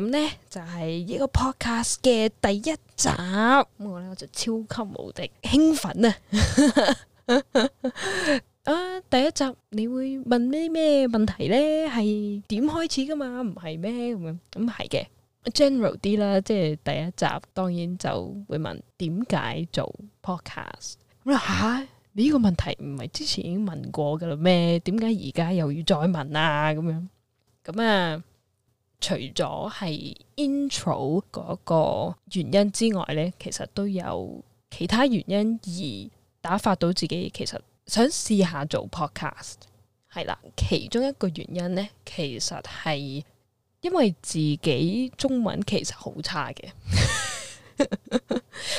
咁咧就係呢個 podcast 嘅第一集，咁我咧我就超級無敵興奮啊！啊，第一集你會問啲咩問題咧？係點開始噶嘛？唔係咩咁樣？咁係嘅，general 啲啦，即係第一集，當然就會問點解做 podcast 咁啊？吓，呢個問題唔係之前已經問過噶啦咩？點解而家又要再問啊？咁樣咁啊？除咗係 intro 嗰個原因之外呢，其實都有其他原因而打發到自己，其實想試下做 podcast，係啦。其中一個原因呢，其實係因為自己中文其實好差嘅。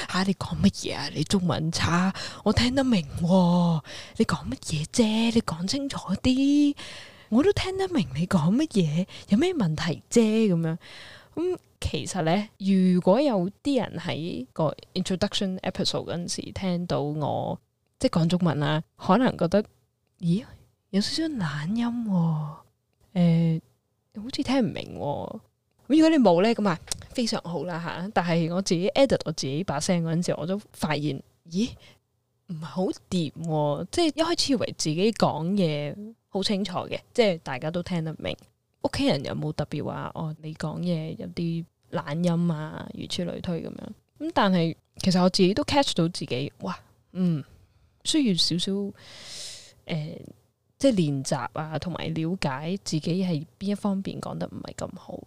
嚇、 啊！你講乜嘢啊？你中文差，我聽得明、哦。你講乜嘢啫？你講清楚啲。我都聽得明你講乜嘢，有咩問題啫咁樣。咁其實咧，如果有啲人喺個 introduction episode 嗰陣時聽到我即係講中文啦，可能覺得咦，有少少懶音、哦，誒、欸、好似聽唔明、哦。如果你冇咧，咁啊非常好啦吓。但係我自己 edit 我自己把聲嗰陣時，我都發現咦，唔係好掂，即係一開始以為自己講嘢。好清楚嘅，即係大家都聽得明。屋企人有冇特別話、啊、哦？你講嘢有啲懶音啊，如此類推咁樣。咁、嗯、但係其實我自己都 catch 到自己，哇，嗯，需要少少誒、呃，即係練習啊，同埋了解自己係邊一方面講得唔係咁好。咁、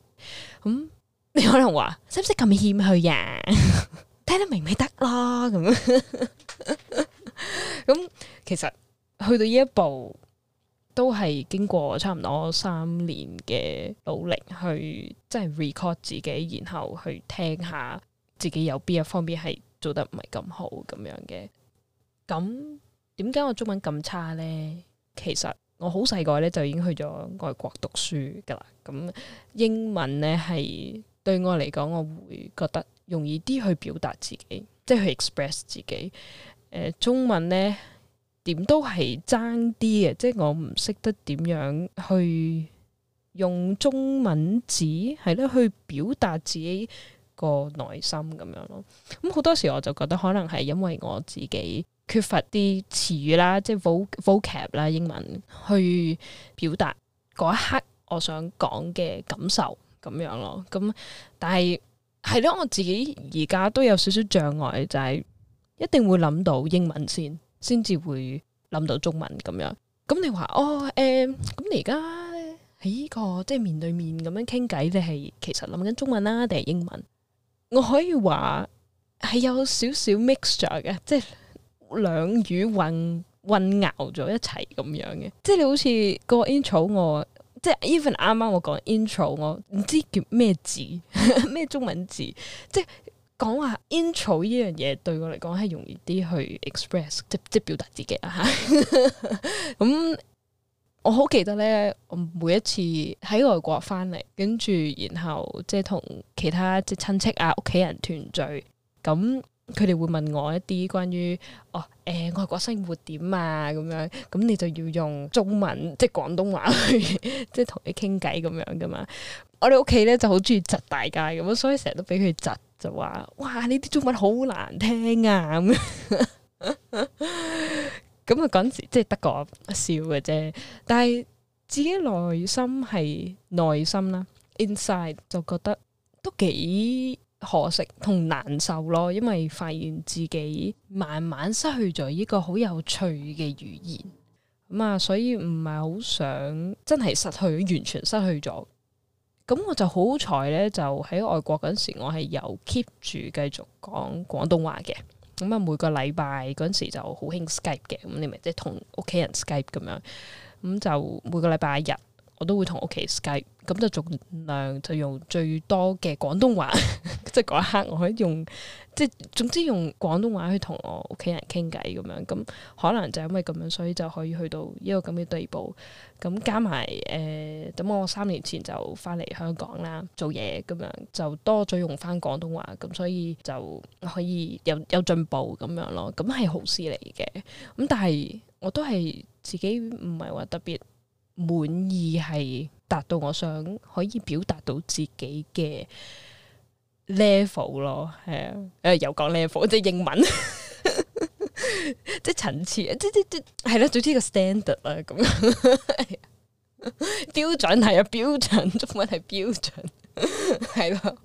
嗯嗯、你可能話，使唔使咁謙虛呀？ 聽得明咪得啦，咁樣。咁、 嗯、其實去到呢一步。都係經過差唔多三年嘅努力，去即係 record 自己，然後去聽下自己有邊一方面係做得唔係咁好咁樣嘅。咁點解我中文咁差呢？其實我好細個咧就已經去咗外國讀書噶啦。咁英文咧係對我嚟講，我會覺得容易啲去表達自己，即係去 express 自己。誒、呃，中文咧。都點都係爭啲嘅，即係我唔識得點樣去用中文字係咯，去表達自己個內心咁樣咯。咁好多時我就覺得可能係因為我自己缺乏啲詞語啦，即係 vocab 啦，英文去表達嗰一刻我想講嘅感受咁樣咯。咁但係係咯，我自己而家都有少少障礙，就係一定會諗到英文先。先至會諗到中文咁樣，咁你話哦，誒、呃，咁你而家喺呢個即係面對面咁樣傾偈，你係其實諗緊中文啦，啊，定係英文？我可以話係有少少 mix 咗嘅，即係兩語混混淆咗一齊咁樣嘅，即係你好似個 intro，我即係 even 啱啱我講嘅 intro，我唔知叫咩字，咩 中文字，即係。講話 intro 呢樣嘢對我嚟講係容易啲去 express，即即表達自己啊！咁、 嗯、我好記得咧，我每一次喺外國翻嚟，跟住然後即係同其他即係親戚啊、屋企人團聚，咁佢哋會問我一啲關於哦誒、呃、外國生活點啊咁樣，咁、嗯、你就要用中文即係廣東話去 即係同你傾偈咁樣噶嘛。我哋屋企咧就好中意窒大家咁，所以成日都俾佢窒，就話：哇，呢啲中文好難聽啊！咁咁啊，陣時即係得個笑嘅啫。但係自己內心係內心啦，inside 就覺得都幾可惜同難受咯，因為發現自己慢慢失去咗呢個好有趣嘅語言咁啊，所以唔係好想真係失去，完全失去咗。咁我就好彩咧，就喺外國嗰時，我係有 keep 住繼續講廣東話嘅。咁啊，每個禮拜嗰時就好興 Skype 嘅，咁你咪即係同屋企人 Skype 咁樣。咁就每個禮拜日。我都會同屋企 Skype，咁就盡量就用最多嘅廣東話，即係嗰一刻我可以用，即係總之用廣東話去同我屋企人傾偈咁樣，咁可能就因為咁樣，所以就可以去到一個咁嘅地步。咁加埋誒，咁、呃、我三年前就翻嚟香港啦，做嘢咁樣就多咗用翻廣東話，咁所以就可以有有進步咁樣咯。咁係好事嚟嘅，咁但係我都係自己唔係話特別。滿意係達到我想可以表達到自己嘅 level 咯，係啊，誒，又講 level，即係英文，即係層次，即即即係啦，總之個 standard 啦，咁樣標準，係啊，標準，中文係標準，係咯，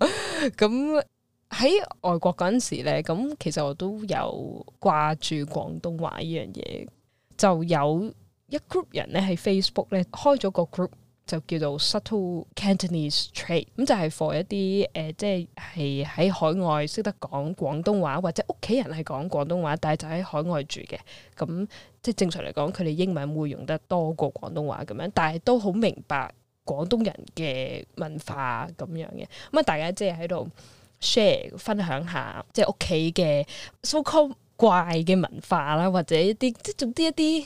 咁喺外國嗰陣時咧，咁其實我都有掛住廣東話呢樣嘢，就有。一 group 人咧喺 Facebook 咧開咗個 group，就叫做 Subtle Cantonese Trade，咁就係 for 一啲誒，即係係喺海外識得講廣東話，或者屋企人係講廣東話，但係就喺海外住嘅，咁即係正常嚟講，佢哋英文會用得多過廣東話咁樣，但係都好明白廣東人嘅文化咁樣嘅，咁啊大家即係喺度 share 分享，分享下，即係屋企嘅 so called 怪嘅文化啦，或者一啲即係總之一啲。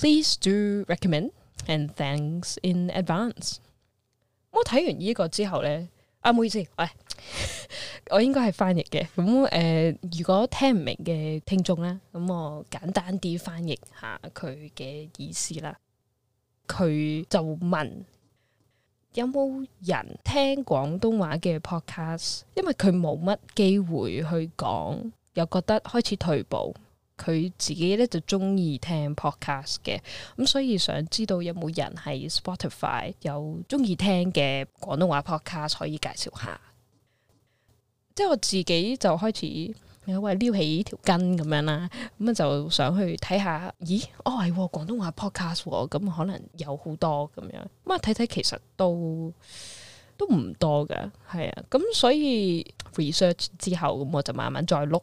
Please do recommend and thanks in advance、嗯。我睇完呢個之後咧，啊唔好意思，我、哎、 我應該係翻譯嘅。咁誒、呃，如果聽唔明嘅聽眾咧，咁我簡單啲翻譯下佢嘅意思啦。佢就問有冇人聽廣東話嘅 podcast？因為佢冇乜機會去講，又覺得開始退步。佢自己咧就中意聽 podcast 嘅。咁所以想知道有冇人喺 Spotify 有中意聽嘅廣東話 podcast 可以介紹下？即係我自己就開始因為撩起條筋咁樣啦，咁就想去睇下，咦，哦係廣東話 podcast 喎，咁可能有好多咁樣，咁啊，睇睇其實都都唔多噶。係啊，咁所以 research 之後咁我就慢慢再 look。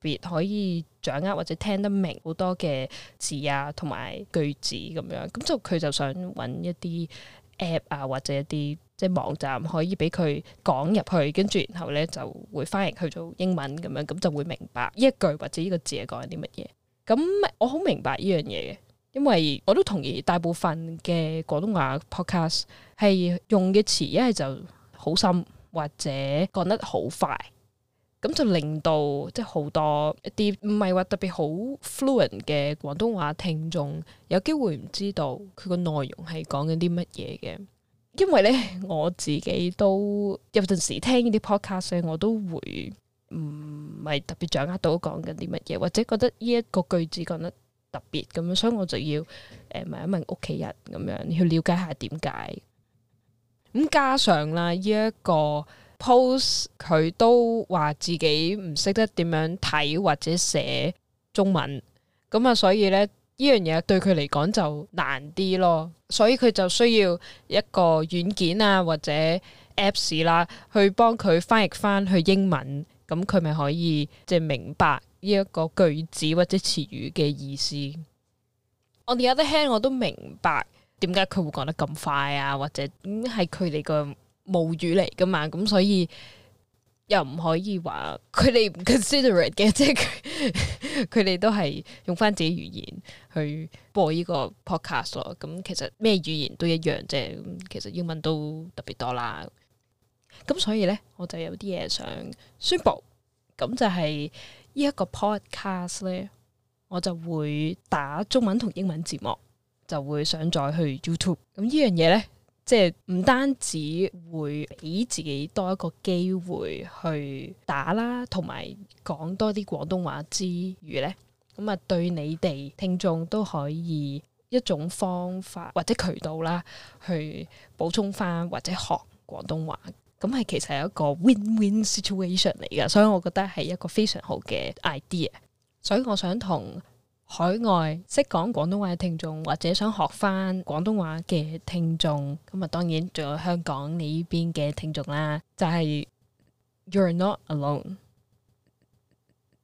別可以掌握或者聽得明好多嘅字啊，同埋句子咁樣，咁就佢就想揾一啲 app 啊，或者一啲即係網站可以俾佢講入去，跟住然後咧，就會翻譯去做英文咁樣，咁就會明白呢一句或者呢個字係講緊啲乜嘢。咁我好明白呢樣嘢嘅，因為我都同意大部分嘅廣東話 podcast 係用嘅詞一係就好深或者講得好快。咁就令到即係好多一啲唔係話特別好 fluent 嘅廣東話聽眾有機會唔知道佢個內容係講緊啲乜嘢嘅。因為咧我自己都有陣時聽呢啲 podcast 咧，我都會唔係特別掌握到講緊啲乜嘢，或者覺得呢一個句子講得特別咁樣，所以我就要誒、呃、問一問屋企人咁樣去了解下點解。咁加上啦，呢、這、一個。pose 佢都話自己唔識得點樣睇或者寫中文，咁啊，所以咧呢樣嘢對佢嚟講就難啲咯，所以佢就需要一個軟件啊或者 apps 啦、啊，去幫佢翻譯返去英文，咁佢咪可以即係明白呢一個句子或者詞語嘅意思。我哋而家得聽，我都明白點解佢會講得咁快啊，或者係佢哋個。母語嚟噶嘛，咁所以又唔可以話佢哋唔 considerate 嘅，即係佢哋都係用翻自己語言去播呢個 podcast 咯。咁其實咩語言都一樣啫，咁其實英文都特別多啦。咁所以咧，我就有啲嘢想宣布，咁就係呢一個 podcast 咧，我就會打中文同英文字幕，就會上載去 YouTube。咁呢樣嘢咧。即係唔單止會俾自己多一個機會去打啦，同埋講多啲廣東話之餘呢。咁啊對你哋聽眾都可以一種方法或者渠道啦，去補充返或者學廣東話，咁係其實係一個 win-win situation 嚟㗎，所以我覺得係一個非常好嘅 idea，所以我想同。海外識講廣東話嘅聽眾，或者想學翻廣東話嘅聽眾，咁啊當然仲有香港你呢邊嘅聽眾啦，就係 you're not alone，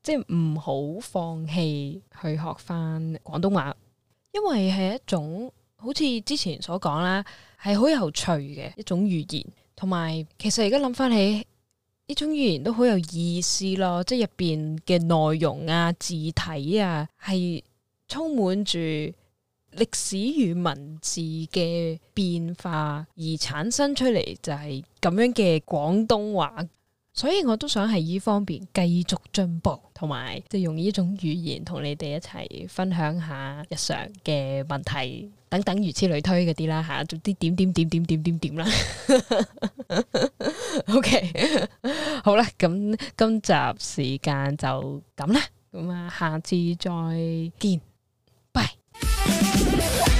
即係唔好放棄去學翻廣東話，因為係一種好似之前所講啦，係好有趣嘅一種語言，同埋其實而家諗翻起。呢種語言都好有意思咯即係入邊嘅內容啊、字體啊，係充滿住歷史與文字嘅變化而產生出嚟，就係咁樣嘅廣東話。所以我都想喺呢方面繼續進步，同埋就用呢種語言同你哋一齊分享下日常嘅問題等等，如此類推嗰啲啦吓，做啲點點點點點點點啦。 OK， 好啦，咁今集時間就咁啦，咁啊，下次再見，拜。